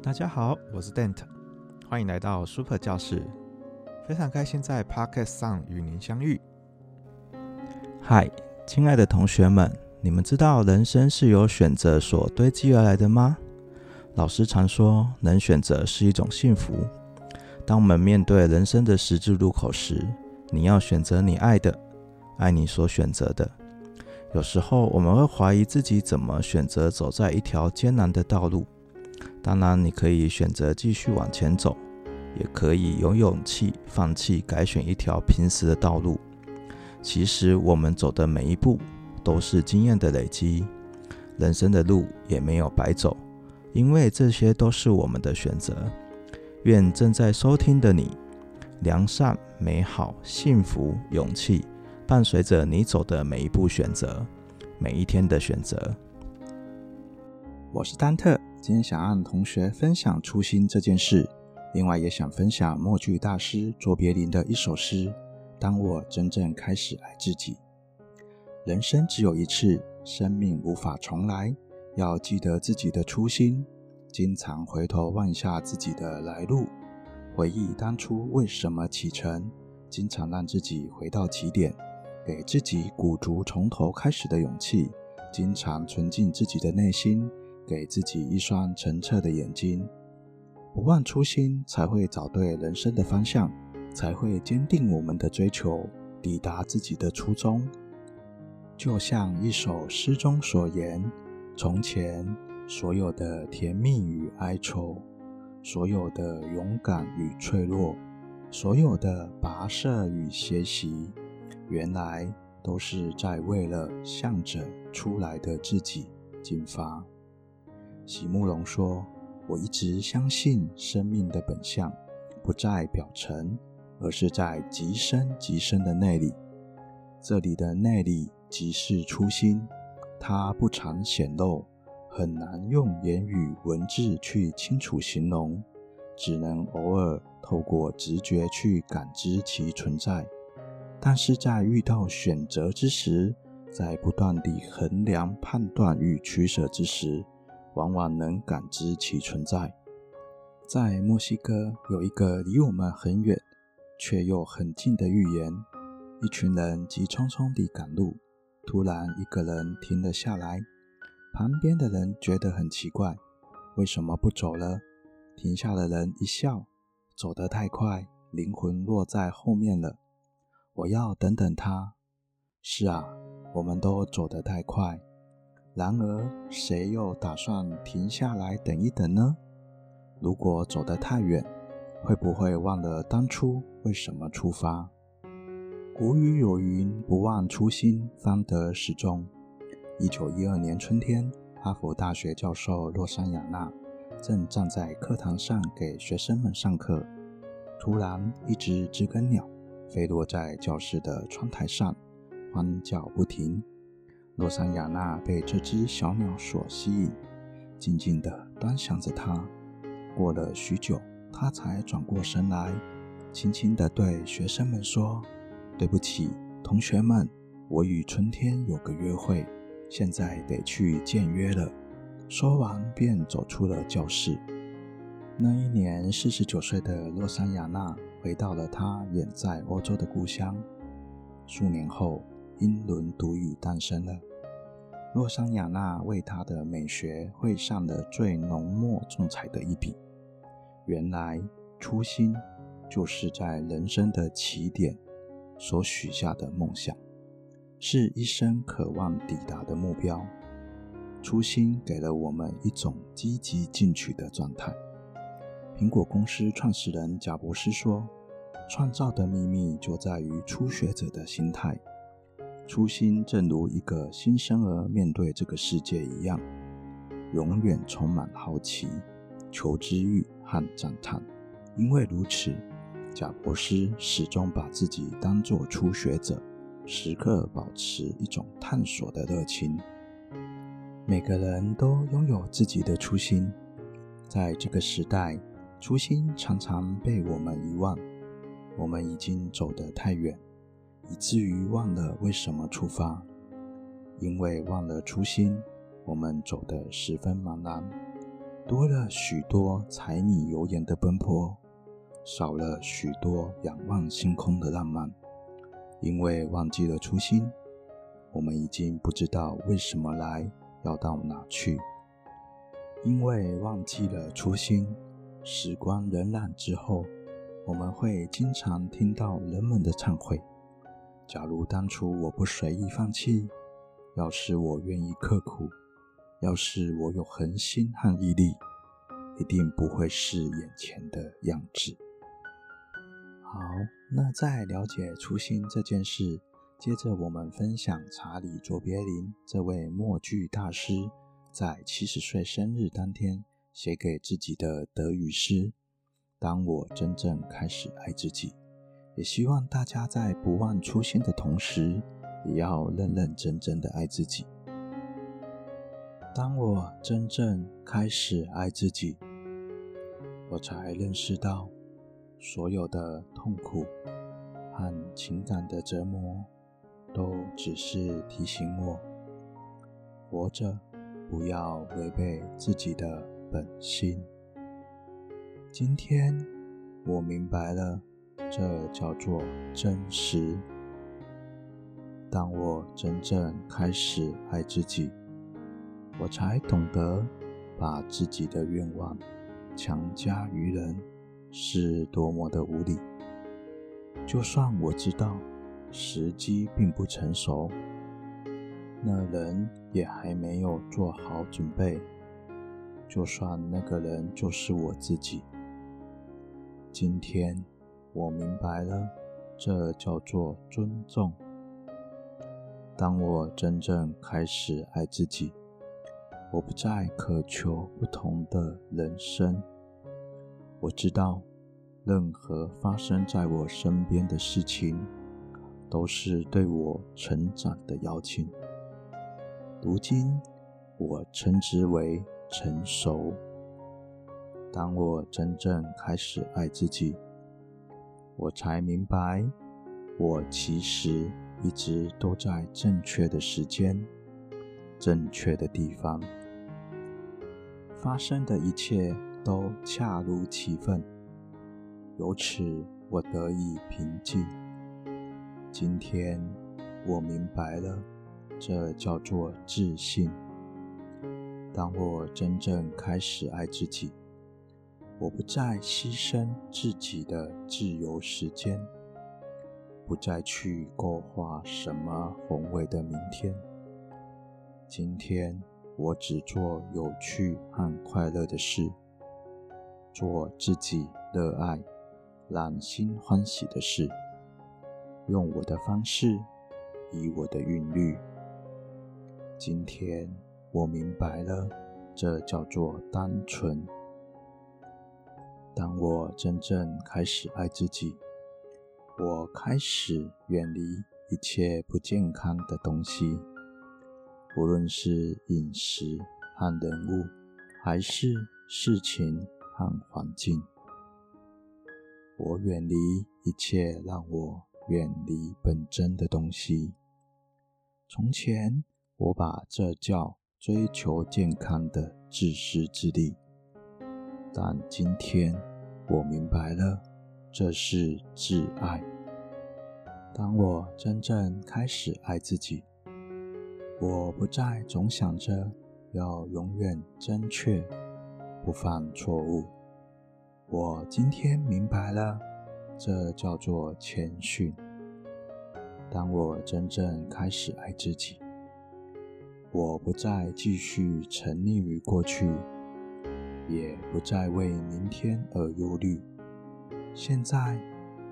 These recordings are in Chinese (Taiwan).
大家好，我是 Dante，歡迎來到 Super 教室，非常開心在 Podcast 上與您相遇。嗨，親愛的同學們，你們知道人生是由選擇所堆積而來的嗎？老師常說，能選擇是一種幸福。當我們面對人生的十字路口時，你要選擇你愛的，愛你所選擇的。有時候我們會懷疑自己怎麼選擇走在一條艱難的道路。當然，你可以選擇繼續往前走，也可以有勇氣放棄，改選一條平時的道路。其實，我們走的每一步都是經驗的累積，人生的路也沒有白走，因為這些都是我們的選擇。願正在收聽的你，良善、美好、幸福、勇氣，伴隨着你走的每一步選擇，每一天的選擇。我是丹特。今天想讓同學分享初心這件事，另外也想分享默劇大師卓別林的一首詩：“當我真正開始愛自己，人生只有一次，生命無法重來，要記得自己的初心，經常回頭望一下自己的來路，回憶當初為什麼啟程，經常讓自己回到起點，給自己鼓足從頭開始的勇氣，經常純淨自己的內心。”給自己一雙澄澈的眼睛，不忘初心，才會找對人生的方向，才會堅定我們的追求，抵達自己的初衷。就像一首詩中所言：“從前所有的甜蜜與哀愁，所有的勇敢與脆弱，所有的跋涉與學習，原來都是在為了向着出來的自己進發。”席慕蓉說：“我一直相信生命的本相不在表層，而是在極深極深的內裡。這裡的內裡即是初心，它不常顯露，很難用言語文字去清楚形容，只能偶爾透過直覺去感知其存在。但是在遇到選擇之時，在不斷地衡量、判斷與取捨之時。”往往能感知其存在。在墨西哥有一個離我們很遠卻又很近的寓言。一群人急匆匆地趕路，突然一個人停了下來。旁邊的人覺得很奇怪：“為什麼不走了？”停下的人一笑：“走得太快，靈魂落在後面了。我要等等他。”“是啊，我們都走得太快。”然而，誰又打算停下來等一等呢？如果走得太遠，會不會忘了當初為什麼出發？古語有云：“不忘初心，方得始終。”一九一二年春天，哈佛大學教授洛桑亞納正站在課堂上給學生們上課，突然，一只知更鳥飛落在教室的窗臺上，歡叫不停。洛桑雅娜被這隻小鳥所吸引，靜靜的端詳着它。過了許久，她才轉過神來，輕輕的對學生們說：“對不起，同學們，我與春天有個約會，現在得去見約了。”說完便走出了教室。那一年，四十九歲的洛桑雅娜回到了她遠在歐洲的故鄉。數年後，英倫獨語誕生了。洛桑雅娜為她的美學繪上了最濃墨重彩的一筆。原來，初心就是在人生的起點所許下的夢想，是一生渴望抵達的目標。初心給了我們一種積極進取的狀態。蘋果公司創始人賈伯斯說：“創造的秘密就在於初學者的心態。”初心正如一個新生兒面對這個世界一樣，永遠充滿好奇、求知欲和讚嘆。因為如此，賈伯斯始終把自己當作初學者，時刻保持一種探索的熱情。每個人都擁有自己的初心，在這個時代，初心常常被我們遺忘。我們已經走得太遠。以至於忘了為什麼出發，因為忘了初心，我們走得十分茫然，多了許多柴米油鹽的奔波，少了許多仰望星空的浪漫。因為忘記了初心，我們已經不知道為什麼來，要到哪去。因為忘記了初心，時光荏苒之後，我們會經常聽到人們的懺悔。假如當初我不隨意放棄，要是我願意刻苦，要是我有恆心和毅力，一定不會是眼前的樣子。好，那在了解初心這件事，接着我們分享查理卓別林這位默劇大師在七十歲生日當天寫給自己的德語詩：“當我真正開始愛自己。”也希望大家在不忘初心的同時，也要認認真真的愛自己。當我真正開始愛自己，我才認識到，所有的痛苦和情感的折磨，都只是提醒我，活着不要違背自己的本心。今天，我明白了。這叫做真實。當我真正開始愛自己，我才懂得把自己的願望強加於人是多麼的無禮。就算我知道時機並不成熟，那人也還沒有做好準備。就算那個人就是我自己，今天。我明白了，這叫做尊重。當我真正開始愛自己，我不再渴求不同的人生。我知道，任何發生在我身邊的事情，都是對我成長的邀請。如今，我稱之為成熟。當我真正開始愛自己。我才明白，我其實一直都在正確的時間、正確的地方。發生的一切都恰如其分，由此我得以平靜。今天我明白了，這叫做自信。當我真正開始愛自己，我不再犧牲自己的自由時間，不再去勾畫什麼宏偉的明天。今天，我只做有趣和快樂的事，做自己熱愛、滿心歡喜的事，用我的方式，以我的韻律。今天，我明白了，這叫做單純。當我真正開始愛自己，我開始遠離一切不健康的東西，無論是飲食和人物，還是事情和環境。我遠離一切讓我遠離本真的東西。從前，我把這叫追求健康的自私自利。但今天我明白了，這是摯愛。當我真正開始愛自己，我不再總想着要永遠正確，不犯錯誤。我今天明白了，這叫做謙遜。當我真正開始愛自己，我不再繼續沉溺於過去。也不再為明天而憂慮。現在，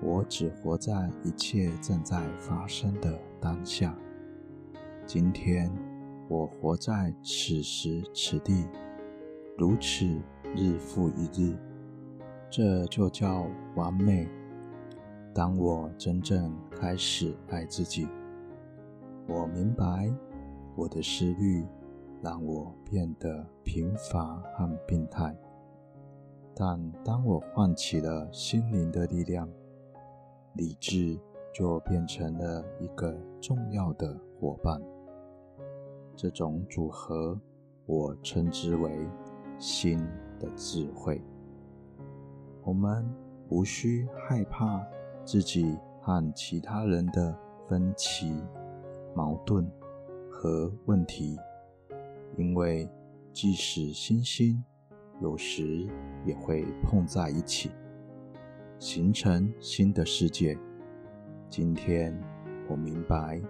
我只活在一切正在發生的當下。今天，我活在此時此地，如此日復一日，這就叫完美。當我真正開始愛自己，我明白我的思慮。讓我變得貧乏和病態，但當我喚起了心靈的力量，理智就變成了一個重要的夥伴。這種組合，我稱之為心的智慧。我們無需害怕自己和其他人的分歧、矛盾和問題。因為即使星星有時也會碰在一起，形成新的世界。今天我明白，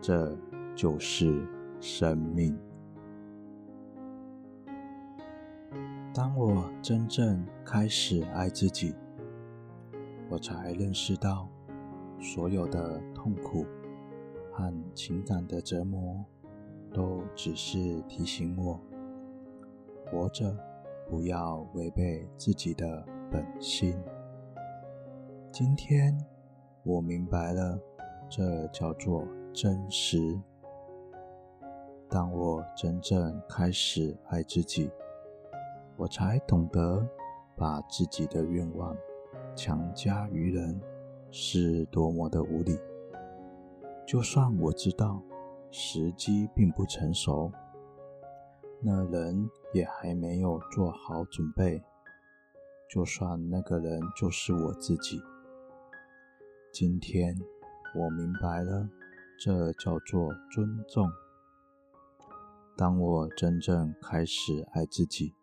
這就是生命。當我真正開始愛自己，我才認識到所有的痛苦和情感的折磨。都只是提醒我，活着不要違背自己的本心。今天我明白了，這叫做真實。當我真正開始愛自己，我才懂得把自己的願望強加於人是多麼的無理。就算我知道。時機並不成熟，那人也還沒有做好準備。就算那個人就是我自己。今天我明白了，這叫做尊重。當我真正開始愛自己，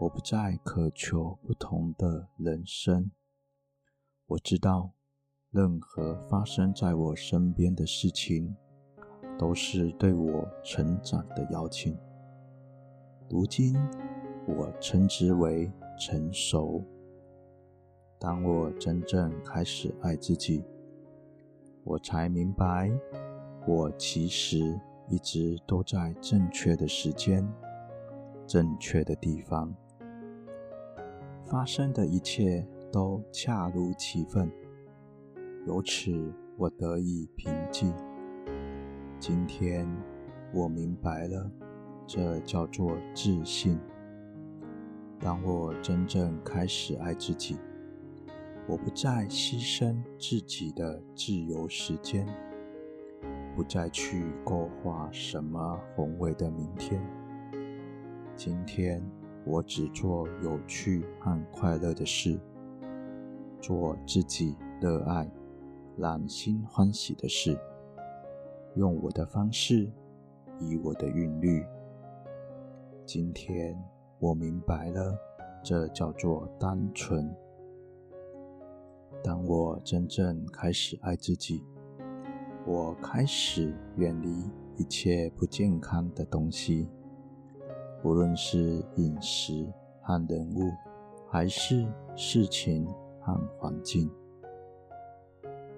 我不再渴求不同的人生。我知道，任何發生在我身邊的事情。都是對我成長的邀請。如今，我稱之為成熟。當我真正開始愛自己，我才明白，我其實一直都在正確的時間、正確的地方。發生的一切都恰如其分，由此我得以平靜。今天我明白了，這叫做自信。當我真正開始愛自己，我不再犧牲自己的自由時間，不再去勾畫什麼宏偉的明天。今天我只做有趣和快樂的事，做自己熱愛、滿心歡喜的事。用我的方式，以我的韻律。今天我明白了，這叫做單純。當我真正開始愛自己，我開始遠離一切不健康的東西，無論是飲食和人物，還是事情和環境。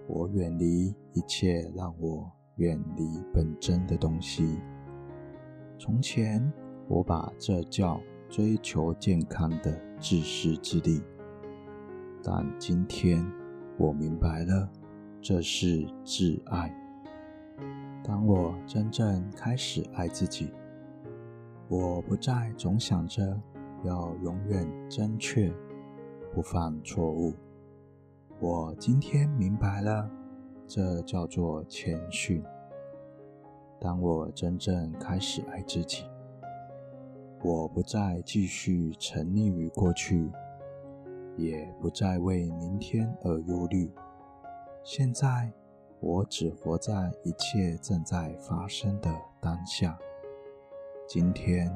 我遠離一切讓我。遠離本真的東西。從前，我把這叫追求健康的自私自利。但今天，我明白了，這是自愛。當我真正開始愛自己，我不再總想着要永遠正確，不犯錯誤。我今天明白了。這叫做謙遜。當我真正開始愛自己，我不再繼續沉溺於過去，也不再為明天而憂慮。現在，我只活在一切正在發生的當下。今天，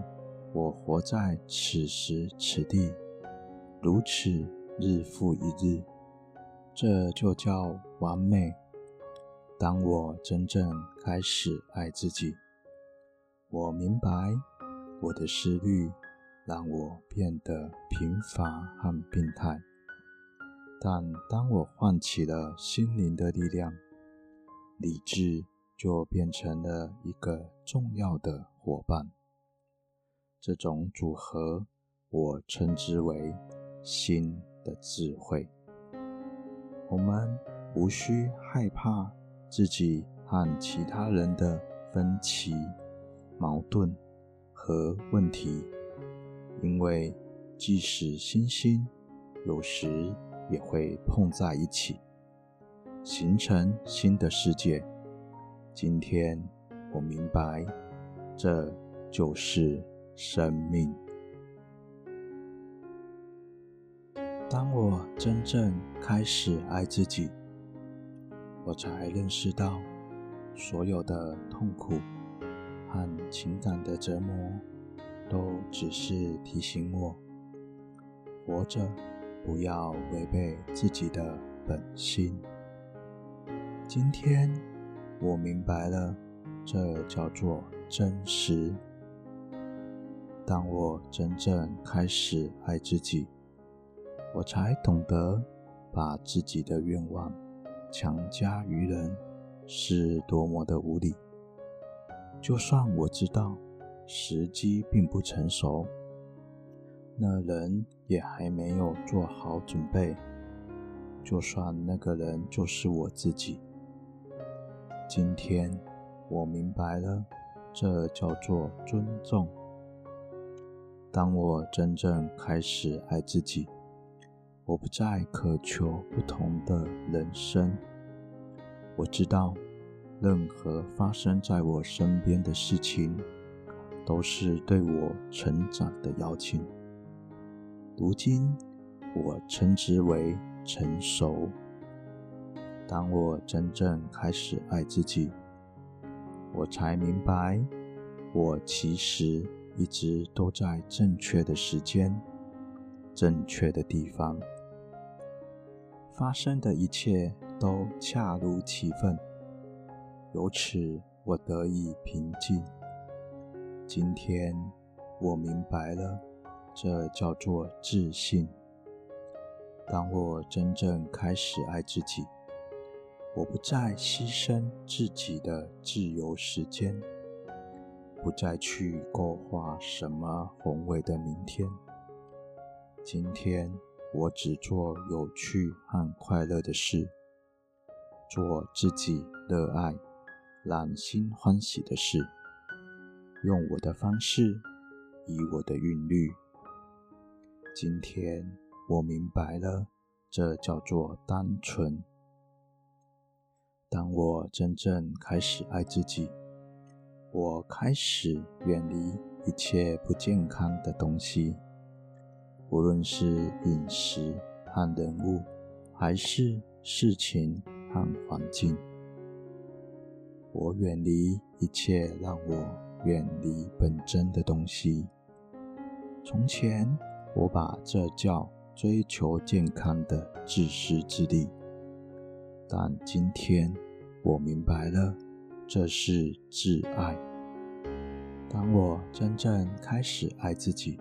我活在此時此地，如此日復一日，這就叫完美。當我真正開始愛自己，我明白我的思慮讓我變得貧乏和病態。但當我喚起了心靈的力量，理智就變成了一個重要的伙伴。這種組合，我稱之為“心的智慧”。我們無需害怕。自己和其他人的分歧、矛盾和問題，因為即使星星有時也會碰在一起，形成新的世界。今天我明白，這就是生命。當我真正開始愛自己。我才認識到，所有的痛苦和情感的折磨，都只是提醒我活着，不要違背自己的本心。今天我明白了，這叫做真實。當我真正開始愛自己，我才懂得把自己的願望。強加於人是多麼的無理！就算我知道時機並不成熟，那人也還沒有做好準備。就算那個人就是我自己。今天我明白了，這叫做尊重。當我真正開始愛自己。我不再渴求不同的人生。我知道，任何發生在我身邊的事情，都是對我成長的邀請。如今，我稱之為成熟。當我真正開始愛自己，我才明白，我其實一直都在正確的時間，正確的地方。發生的一切都恰如其分，由此我得以平靜。今天我明白了，這叫做自信。當我真正開始愛自己，我不再犧牲自己的自由時間，不再去勾畫什麼宏偉的明天。今天，我只做有趣和快樂的事，做自己熱愛、滿心歡喜的事，用我的方式，以我的韻律。今天我明白了，這叫做單純。當我真正開始愛自己，我開始遠離一切不健康的東西。無論是飲食和人物，還是事情和環境，我遠離一切讓我遠離本真的東西。從前，我把這叫追求健康的自私自利，但今天我明白了，這是自愛。當我真正開始愛自己。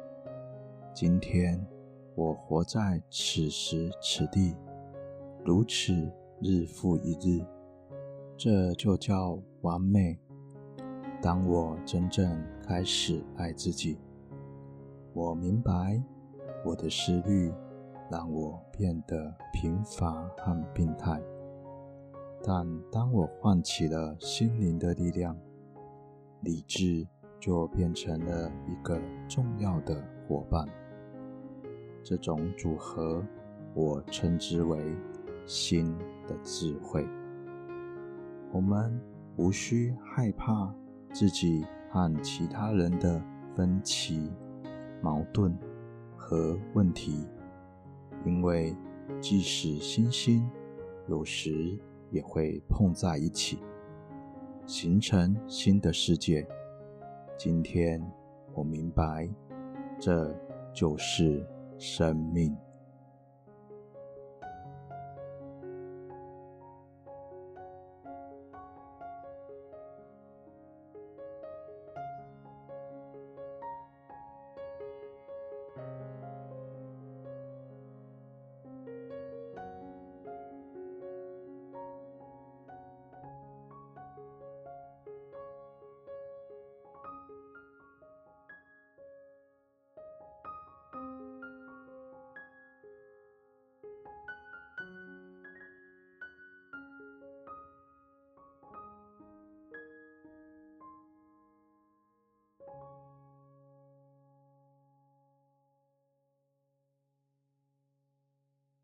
今天我活在此時此地，如此日復一日，這就叫完美。當我真正開始愛自己，我明白我的思慮讓我變得貧乏和病態，但當我喚起了心靈的力量，理智就變成了一個重要的夥伴。這種組合，我稱之為新的智慧。我們無需害怕自己和其他人的分歧、矛盾和問題，因為即使星星有時也會碰在一起，形成新的世界。今天我明白，這就是。生命。